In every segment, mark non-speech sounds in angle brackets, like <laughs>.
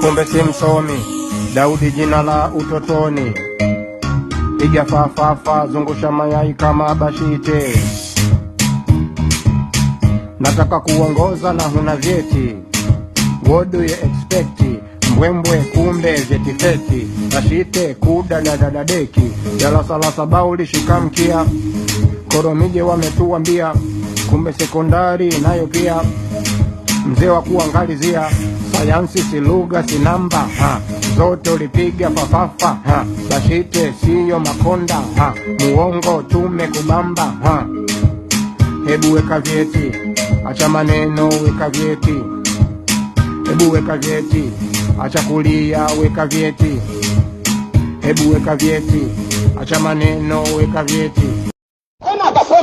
kumbe si msomi. Daudi jina la utotoni, piga fafafa, zungusha mayai kama bashite. Nataka kuongoza na huna vyeti, what do you expect? Mbwembwe kumbe feti, bashite kuda na dadadeki, dalasalasa bauli shikamkia, koromije wametuambia, kumbe sekondari nayo pia, mzee wa kuangalizia sayansi si lugha si namba ha. Zote ulipiga fafafa ha. Bashite siyo makonda ha. Muongo tume kubamba ha. Hebu weka vyeti, acha maneno, weka vyeti. Hebu weka vyeti, acha kulia, weka vyeti. Hebu weka vyeti, acha maneno, weka vyeti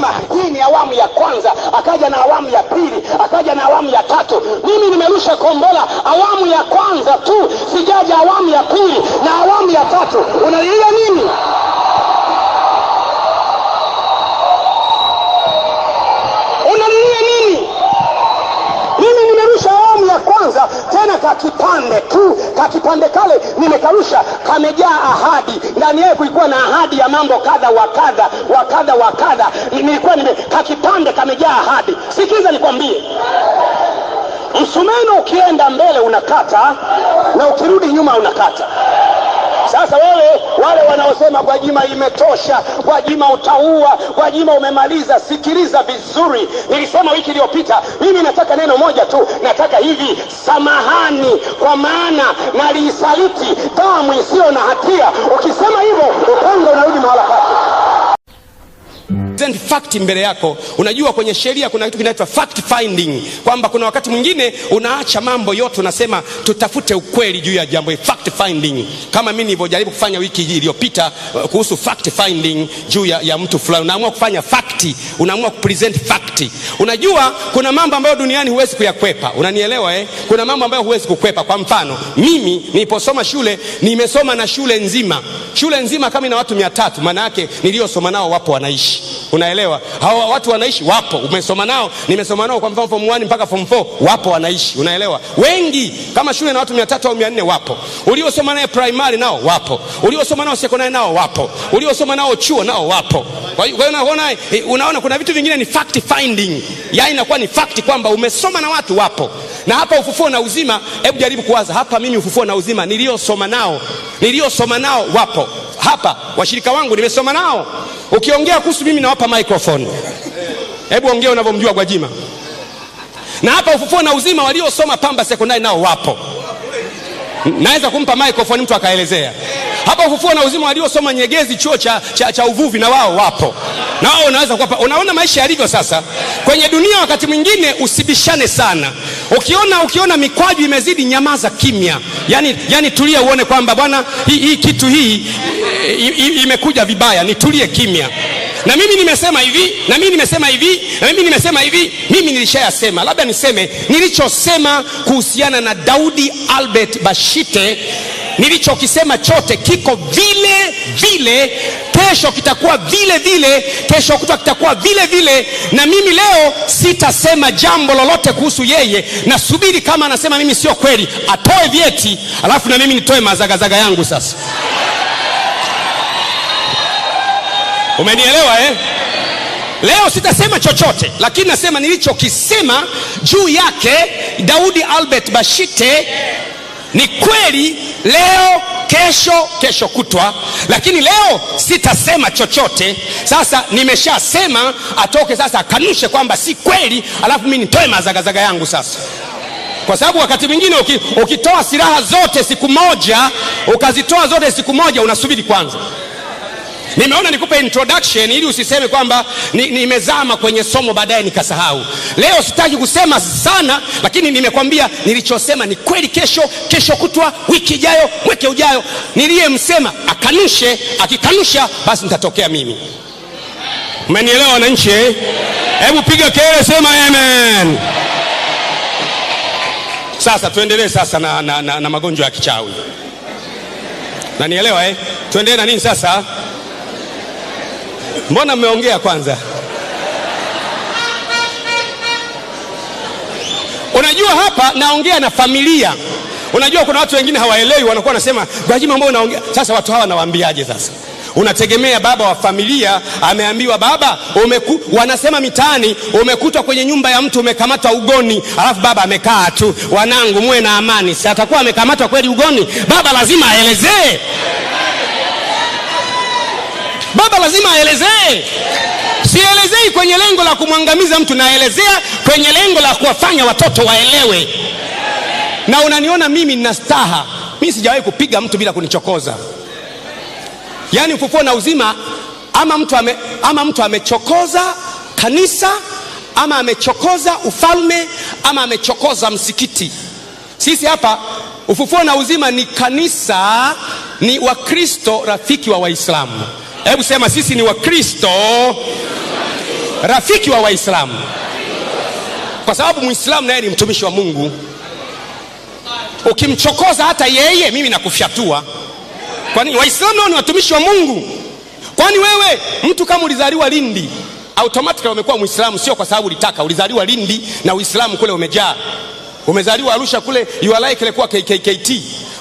akasema hii ni awamu ya kwanza, akaja na awamu ya pili, akaja na awamu ya tatu. Mimi nimerusha kombola awamu ya kwanza tu, sijaja awamu ya pili na awamu ya tatu. Unalilia nini? kwanza tena kakipande tu, kakipande kale nimekarusha, kamejaa ahadi ndani yake. Kulikuwa na ahadi ya mambo kadha wa kadha wa kadha wa kadha, nilikuwa nime kakipande kamejaa ahadi. Sikiza nikwambie, msumeno ukienda mbele unakata na ukirudi nyuma unakata. Sasa wale wale wanaosema Gwajima imetosha, Gwajima utaua, Gwajima umemaliza, sikiliza vizuri. Nilisema wiki iliyopita, mimi nataka neno moja tu, nataka hivi, samahani, kwa maana naliisaliti damu isiyo na hatia. Ukisema hivyo, upanga unarudi mahala pake present fact mbele yako. Unajua kwenye sheria kuna kitu kinaitwa fact finding, kwamba kuna wakati mwingine unaacha mambo yote, unasema tutafute ukweli juu ya jambo hili, fact finding, kama mimi nilivyojaribu kufanya wiki iliyopita uh, kuhusu fact finding juu ya, ya mtu fulani. Unaamua kufanya fact, unaamua kupresent fact. Unajua kuna mambo ambayo duniani huwezi kuyakwepa, unanielewa eh? Kuna mambo ambayo huwezi kukwepa. Kwa mfano mimi niliposoma shule nimesoma na shule nzima, shule nzima kama ina watu 300 tatu, maana yake niliyosoma nao wapo wanaishi Unaelewa, hawa watu wanaishi, wapo, umesoma nao, nimesoma nao, kwa mfano form 1 mpaka form 4 wapo, wanaishi. Unaelewa, wengi kama shule na watu 300 au 400 wapo, uliosoma naye primary nao wapo, uliosoma nao secondary nao wapo, uliosoma nao chuo nao wapo. Kwa hiyo unaona, eh, unaona kuna vitu vingine ni fact finding, yaani inakuwa ni fact kwamba umesoma na watu wapo. Na hapa ufufuo na uzima, hebu jaribu kuwaza hapa, mimi ufufuo na uzima niliosoma nao, niliosoma nao wapo hapa, washirika wangu nimesoma nao Ukiongea kuhusu mimi nawapa microphone, hebu ongea unavyomjua Gwajima. Na hapa Ufufuo na Uzima waliosoma Pamba Sekondari nao wapo, naweza kumpa microphone mtu akaelezea. Hapa Ufufuo na Uzima waliosoma Nyegezi chuo cha, cha, cha uvuvi na wao wapo, na wao unaweza kuwapa. Unaona maisha yalivyo sasa kwenye dunia. Wakati mwingine usibishane sana. Ukiona ukiona mikwaju imezidi, nyamaza kimya, yani, yani tulia, uone kwamba bwana, hii hi, kitu hii imekuja vibaya, nitulie kimya. Na mimi nimesema hivi, na mimi nimesema hivi, na mimi nimesema hivi. Mimi nilishayasema, labda niseme nilichosema kuhusiana na Daudi Albert Bashite nilichokisema chote kiko vile vile, kesho kitakuwa vile vile, kesho kutwa kitakuwa vile vile. Na mimi leo sitasema jambo lolote kuhusu yeye, nasubiri kama anasema mimi sio kweli, atoe vyeti, alafu na mimi nitoe mazagazaga yangu. Sasa umenielewa eh? Leo sitasema chochote, lakini nasema nilichokisema juu yake Daudi Albert Bashite ni kweli leo, kesho, kesho kutwa, lakini leo sitasema chochote. Sasa nimeshasema, atoke sasa akanushe kwamba si kweli, alafu mimi nitoe mazagazaga yangu sasa kwa sababu wakati mwingine ukitoa silaha zote siku moja, ukazitoa zote siku moja, unasubiri kwanza. Nimeona nikupe introduction ili usiseme kwamba nimezama ni kwenye somo baadaye nikasahau. Leo sitaki kusema sana, lakini nimekwambia nilichosema ni kweli. Kesho, kesho kutwa, wiki ijayo, mweke ujayo, niliyemsema akanushe, akikanusha basi nitatokea mimi. umenielewa wananchi? Eh? Hebu piga kelele, sema amen. Sasa tuendelee sasa na, na, na, na magonjwa ya kichawi. Nanielewa eh? Tuendelee na nini sasa? mbona mmeongea kwanza? Unajua, hapa naongea na familia. Unajua, kuna watu wengine hawaelewi, wanakuwa wanasema Gwajima, mbona unaongea? Sasa watu hawa nawaambiaje? Sasa unategemea baba wa familia ameambiwa, baba umeku, wanasema mitaani umekutwa kwenye nyumba ya mtu umekamatwa ugoni, alafu baba amekaa tu, wanangu muwe na amani. Si atakuwa amekamatwa kweli ugoni? Baba lazima aelezee baba lazima aelezee. Sielezei kwenye lengo la kumwangamiza mtu, naelezea kwenye lengo la kuwafanya watoto waelewe. Na unaniona mimi nina staha, mimi sijawahi kupiga mtu bila kunichokoza. Yaani ufufuo na uzima, ama mtu, ame, ama mtu amechokoza kanisa ama amechokoza ufalme ama amechokoza msikiti. Sisi hapa ufufuo na uzima ni kanisa, ni Wakristo rafiki wa Waislamu. Hebu sema sisi ni Wakristo rafiki wa Waislamu, kwa sababu Mwislamu naye ni mtumishi wa Mungu. Ukimchokoza hata yeye, mimi nakufyatua. Kwani Waislamu nao ni watumishi wa Mungu? Kwani wewe mtu kama ulizaliwa Lindi automatically umekuwa Mwislamu? Sio kwa sababu ulitaka, ulizaliwa Lindi na Uislamu kule umejaa. Umezaliwa Arusha kule you are likely KKKT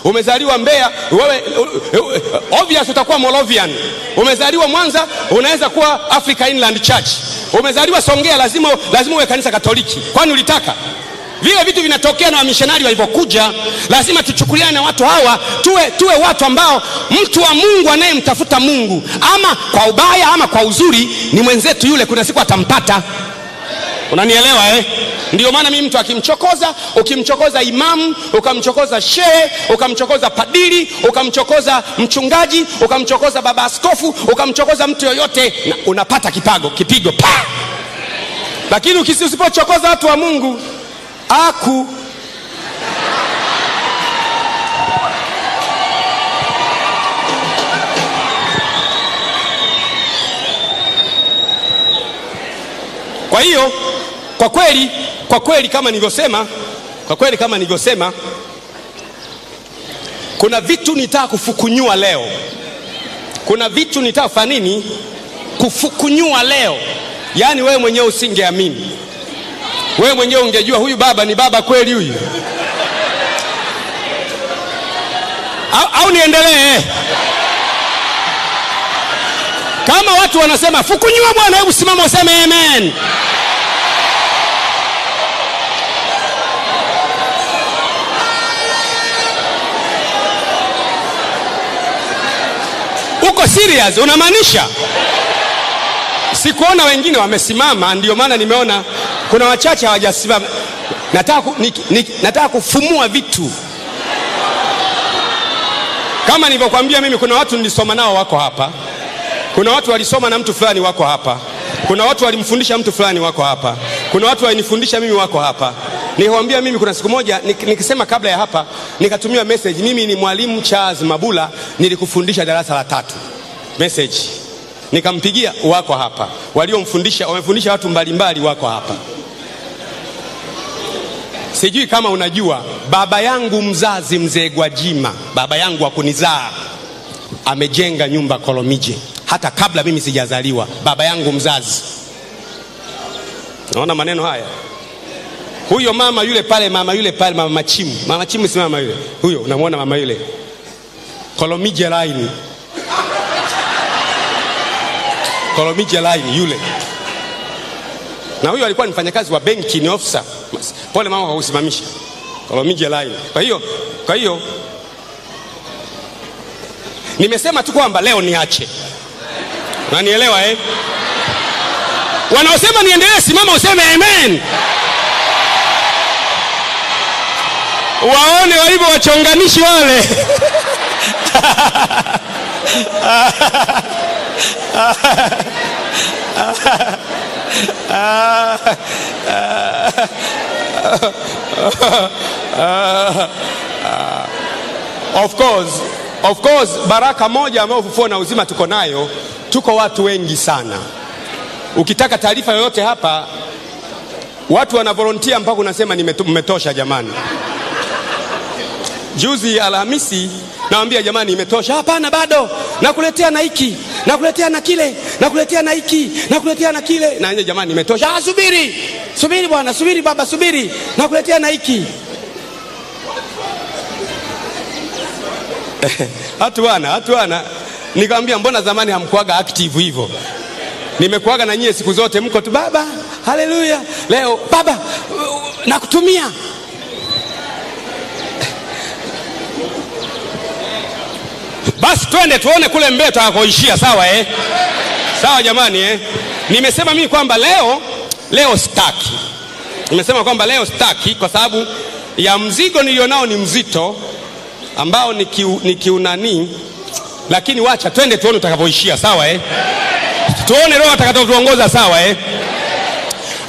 Umezaliwa Mbeya, wewe obvious utakuwa molovian Umezaliwa Mwanza, unaweza kuwa Africa Inland Church. Umezaliwa Songea, lazima lazima uwe kanisa Katoliki, kwani ulitaka vile vitu vinatokea na wamishonari walivyokuja. Lazima tuchukuliane na watu hawa, tuwe, tuwe watu ambao mtu wa Mungu anayemtafuta Mungu ama kwa ubaya ama kwa uzuri ni mwenzetu yule, kuna siku atampata unanielewa eh? Ndio maana mimi mtu akimchokoza, ukimchokoza imamu, ukamchokoza shehe, ukamchokoza padiri, ukamchokoza mchungaji, ukamchokoza baba askofu, ukamchokoza mtu yoyote na unapata kipago kipigo pa. Lakini usipochokoza watu wa Mungu aku kwa hiyo kwa kweli, kwa kweli kama nilivyosema, kwa kweli kama nilivyosema, kuna vitu nitaka kufukunyua leo, kuna vitu nitaka kufanya nini, kufukunyua leo. Yaani wewe mwenyewe usingeamini, wewe mwenyewe ungejua huyu baba ni baba kweli huyu au, au niendelee? Eh? Kama watu wanasema fukunyua, bwana, hebu simama useme amen. uko serious? Unamaanisha? Sikuona wengine wamesimama, ndio maana nimeona kuna wachache hawajasimama. Nataka, nataka kufumua vitu kama nilivyokuambia. Mimi kuna watu nilisoma nao wako hapa, kuna watu walisoma na mtu fulani wako hapa, kuna watu walimfundisha mtu fulani wako hapa, kuna watu walinifundisha mimi wako hapa. Nikamwambia mimi kuna siku moja nikisema kabla ya hapa nikatumiwa message, mimi ni mwalimu Charles Mabula, nilikufundisha darasa la tatu. Message nikampigia, wako hapa waliomfundisha, wamefundisha watu mbalimbali, wako hapa. Sijui kama unajua baba yangu mzazi mzee Gwajima, baba yangu akunizaa, amejenga nyumba Kolomije hata kabla mimi sijazaliwa, baba yangu mzazi. Naona maneno haya huyo mama yule pale, mama yule pale, mama chimu mama Chimu si mama yule huyo, unamwona mama yule kolomije laini, kolomije laini yule. Na huyo alikuwa ni mfanyakazi wa benki, ni ofisa pole, mama kausimamisha kolomije laini. Kwa hiyo kwa hiyo nimesema tu kwamba leo niache, unanielewa eh? Wanaosema niendelee, simama useme amen. waone walivyo wachonganishi wale. Of course, of course, baraka moja ambayo ufufuo na uzima tuko nayo, tuko watu wengi sana. Ukitaka taarifa yoyote hapa, watu wanavolontia mpaka unasema nimetosha, jamani juzi Alhamisi, nawambia jamani, imetosha. Hapana, bado nakuletea na hiki nakuletea na kile nakuletea na hiki nakuletea na kile, na nyie jamani, imetosha. Ah, subiri subiri bwana, subiri baba, subiri, nakuletea na hiki <laughs> hatu bwana, hatu bwana. Nikamwambia mbona zamani hamkuaga active hivyo? Nimekuaga na nyie siku zote, mko tu baba, haleluya. Leo baba, nakutumia Basi twende tuone kule mbele tutakoishia. Sawa eh? Sawa jamani eh? Nimesema mimi kwamba leo leo sitaki, nimesema kwamba leo sitaki kwa sababu ya mzigo nilionao ni mzito ambao ni kiu, kiunani, lakini wacha twende tuone utakapoishia. Sawa eh? Tuone roho atakayotuongoza. Sawa eh?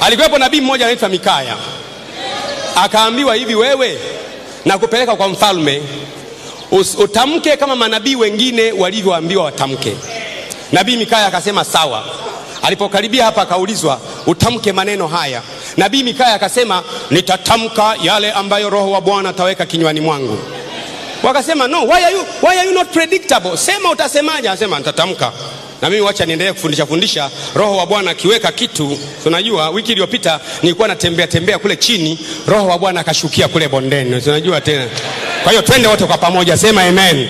Alikuwepo nabii mmoja anaitwa Mikaya, akaambiwa hivi, wewe nakupeleka kwa mfalme utamke kama manabii wengine walivyoambiwa watamke. Nabii Mikaya akasema sawa. Alipokaribia hapa akaulizwa, utamke maneno haya. Nabii Mikaya akasema, nitatamka yale ambayo Roho wa Bwana ataweka kinywani mwangu. Wakasema, no, why are you, why are you not predictable? Sema utasemaje? Anasema nitatamka na mimi wacha niendelee kufundisha fundisha. Roho wa Bwana akiweka kitu, tunajua wiki iliyopita nilikuwa natembea tembea kule chini, Roho wa Bwana akashukia kule bondeni, tunajua tena kwa hiyo twende wote kwa pamoja, sema amen.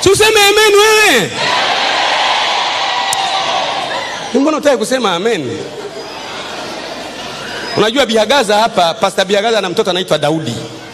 Si useme amen wewe, mbona utaki kusema amen? Unajua biagaza hapa, Pastor Biagaza na mtoto anaitwa Daudi.